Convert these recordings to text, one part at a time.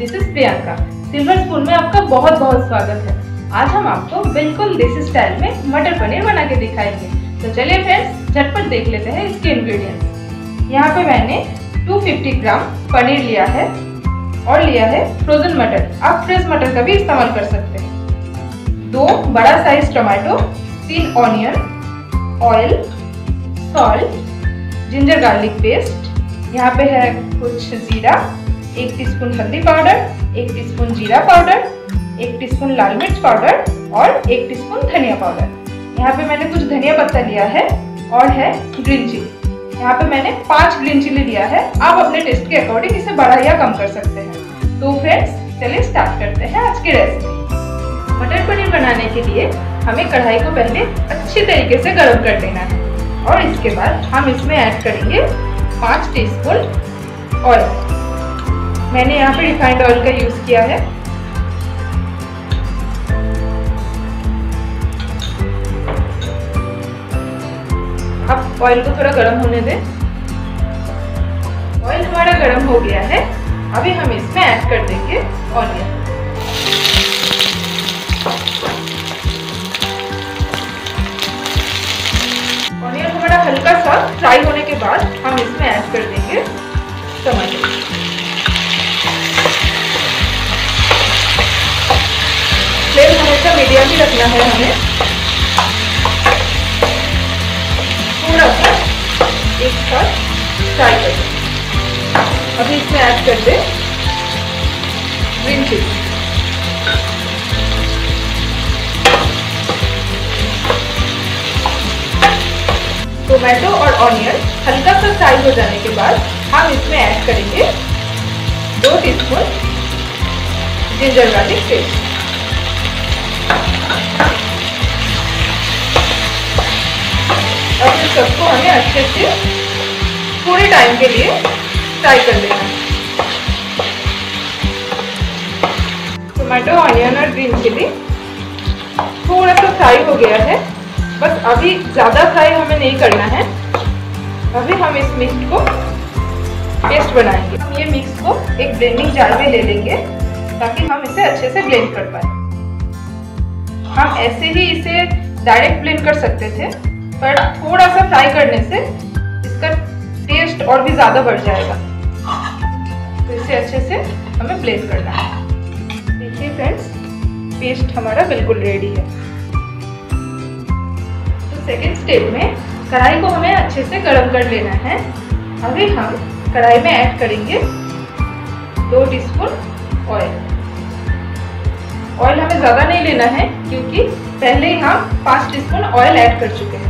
this is Priyanka silver spoon में आपका बहुत बहुत स्वागत है आज हम आपको बिल्कुल देसी स्टाइल में मटर पनीर बना के दिखाएंगे तो चलिए फ्रेंड्स झटपट देख लेते हैं इसके इंग्रेडिएंट्स यहाँ पे मैंने 250 ग्राम पनीर लिया है और लिया है फ्रोजन मटर आप फ्रेश मटर का भी इस्तेमाल कर सकते हैं दो बड़ा साइज टमाटो तीन onion oil salt ginger garlic paste यहाँ पे है कुछ जीरा एक टीस्पून हल्दी पाउडर एक टीस्पून जीरा पाउडर एक टीस्पून लाल मिर्च पाउडर और एक टीस्पून धनिया पाउडर यहाँ पे मैंने कुछ धनिया पत्ता लिया है और है ग्रीन चिली यहाँ पे मैंने पांच ग्रीन चिली लिया है आप अपने टेस्ट के अकॉर्डिंग इसे बढ़ा या कम कर सकते हैं तो फ्रेंड्स चलिए स्टार्ट करते हैं आज की रेसिपी मटर पनीर बनाने के लिए हमें कढ़ाई को पहले अच्छी तरीके से गर्म कर देना है और इसके बाद हम इसमें ऐड करेंगे पाँच टी स्पून ऑयल मैंने यहाँ पे रिफाइंड ऑयल का यूज़ किया है अब ऑयल को थोड़ा गर्म होने दें ऑयल हमारा गर्म हो गया है अभी हम इसमें ऐड कर देंगे ऑनियन ऑनियन हमारा हल्का सा फ्राई होने के बाद हम इसमें ऐड कर देंगे टमाटर तलिया भी रखना है हमें थोड़ा सा एक साथ फ्राई कर अभी इसमें ऐड कर दे ग्रीन चिली टोमेटो और ऑनियन हल्का सा फ्राई हो जाने के बाद हम इसमें ऐड करेंगे दो टीस्पून जिंजर गार्लिक पेस्ट सबको हमें अच्छे से पूरे टाइम के लिए फ्राई कर लेना टोमेटो ऑनियन और ग्रीन चिली थोड़ा सा तो फ्राई हो गया है बस अभी ज़्यादा फ्राई हमें नहीं करना है अभी हम इस मिक्स को पेस्ट बनाएंगे ये मिक्स को एक ब्लेंडिंग जार में ले लेंगे ताकि हम इसे अच्छे से ब्लेंड कर पाए हम ऐसे ही इसे डायरेक्ट ब्लेंड कर सकते थे पर थोड़ा सा फ्राई करने से इसका टेस्ट और भी ज़्यादा बढ़ जाएगा तो इसे अच्छे से हमें प्लेस करना है देखिए फ्रेंड्स पेस्ट हमारा बिल्कुल रेडी है तो सेकेंड स्टेप में कढ़ाई को हमें अच्छे से गर्म कर लेना है अभी हम कढ़ाई में ऐड करेंगे दो टीस्पून ऑयल ऑयल हमें ज़्यादा नहीं लेना है क्योंकि पहले ही हम पाँच टीस्पून ऑयल ऐड कर चुके हैं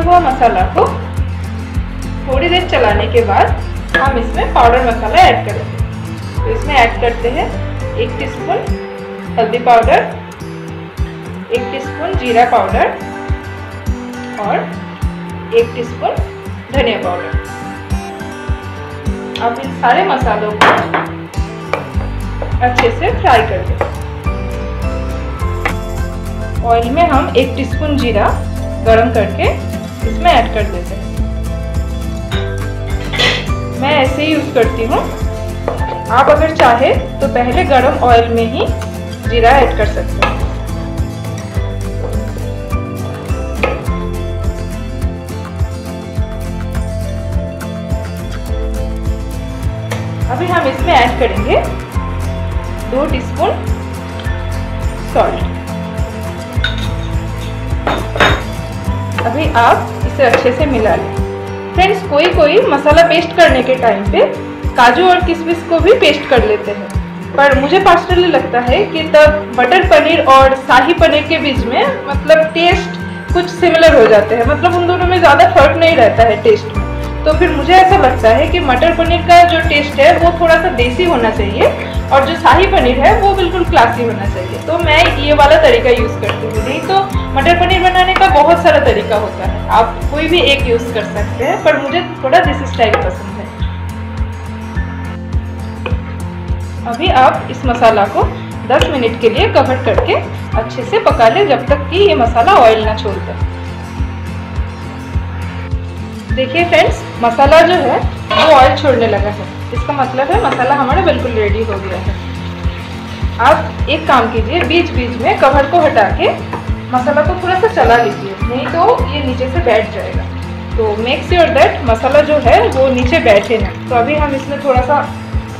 किया हुआ मसाला को थोड़ी देर चलाने के बाद हम इसमें पाउडर मसाला ऐड करेंगे तो इसमें ऐड करते हैं एक टीस्पून हल्दी पाउडर एक टीस्पून जीरा पाउडर और एक टीस्पून धनिया पाउडर अब इन सारे मसालों को अच्छे से फ्राई कर दें ऑयल में हम एक टीस्पून जीरा गरम करके इसमें ऐड कर देते हैं मैं ऐसे ही यूज़ करती हूँ आप अगर चाहे तो पहले गरम ऑयल में ही जीरा ऐड कर सकते हैं अभी हम इसमें ऐड करेंगे दो टीस्पून सॉल्ट अभी आप इसे अच्छे से मिला लें फ्रेंड्स कोई कोई मसाला पेस्ट करने के टाइम पे काजू और किशमिश को भी पेस्ट कर लेते हैं पर मुझे पर्सनली लगता है कि तब बटर पनीर और शाही पनीर के बीच में मतलब टेस्ट कुछ सिमिलर हो जाते हैं मतलब उन दोनों में ज़्यादा फर्क नहीं रहता है टेस्ट तो फिर मुझे ऐसा लगता है कि मटर पनीर का जो टेस्ट है वो थोड़ा सा देसी होना चाहिए और जो शाही पनीर है वो बिल्कुल क्लासी होना चाहिए तो मैं ये वाला तरीका यूज़ करती हूँ नहीं तो मटर पनीर बनाने का बहुत सारा तरीका होता है आप कोई भी एक यूज़ कर सकते हैं पर मुझे थोड़ा देसी स्टाइल पसंद है अभी आप इस मसाला को 10 मिनट के लिए कवर करके अच्छे से पका लें जब तक कि ये मसाला ऑयल ना छोड़ दें देखिए फ्रेंड्स मसाला जो है वो ऑयल छोड़ने लगा है इसका मतलब है मसाला हमारा बिल्कुल रेडी हो गया है आप एक काम कीजिए बीच बीच में कवर को हटा के मसाला को थोड़ा सा चला लीजिए नहीं तो ये नीचे से बैठ जाएगा तो मेक श्योर दैट मसाला जो है वो नीचे बैठे ना तो अभी हम इसमें थोड़ा सा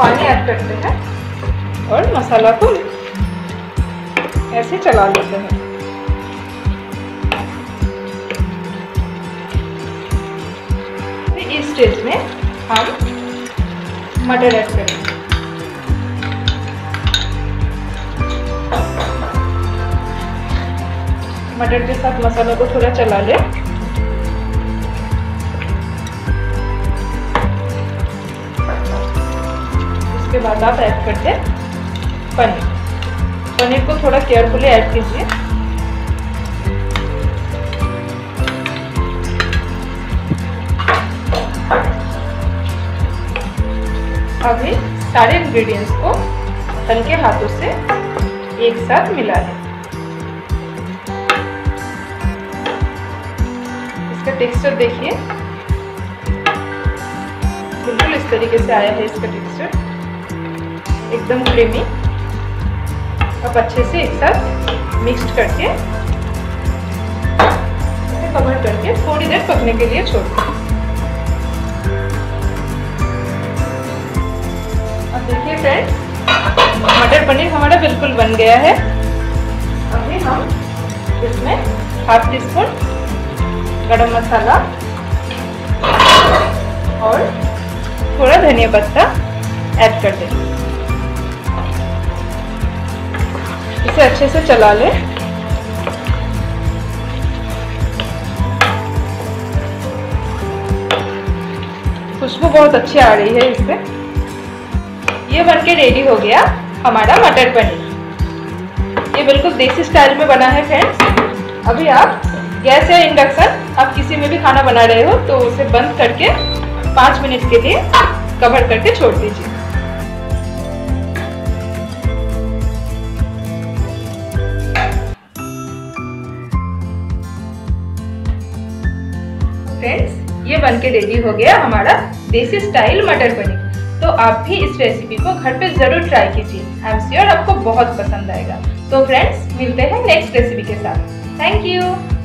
पानी ऐड करते हैं और मसाला को ऐसे चला लेते हैं स्टेज में हम मटर ऐड करेंगे मटर के साथ मसाला को थोड़ा चला ले उसके बाद आप ऐड करते पनीर पनीर को थोड़ा केयरफुली ऐड कीजिए सारे इंग्रेडिएंट्स को हल्के हाथों से एक साथ मिला लें इसका टेक्सचर देखिए बिल्कुल इस तरीके से आया है इसका टेक्सचर एकदम क्रीमी अब अच्छे से एक साथ मिक्स करके कवर करके थोड़ी देर पकने के लिए छोड़ दें अब देखिए फ्रेंड्स मटर पनीर हमारा बिल्कुल बन गया है अभी हम इसमें हाफ टी स्पून गरम मसाला और थोड़ा धनिया पत्ता ऐड कर दें इसे अच्छे से चला लें खुशबू बहुत अच्छी आ रही है इसमें ये बन के रेडी हो गया हमारा मटर पनीर ये बिल्कुल देसी स्टाइल में बना है फ्रेंड्स अभी आप गैस या इंडक्शन आप किसी में भी खाना बना रहे हो तो उसे बंद करके पाँच मिनट के लिए कवर करके छोड़ दीजिए फ्रेंड्स ये बन के रेडी हो गया हमारा देसी स्टाइल मटर पनीर तो आप भी इस रेसिपी को घर पे ज़रूर ट्राई कीजिए आई एम श्योर आपको बहुत पसंद आएगा तो फ्रेंड्स मिलते हैं नेक्स्ट रेसिपी के साथ थैंक यू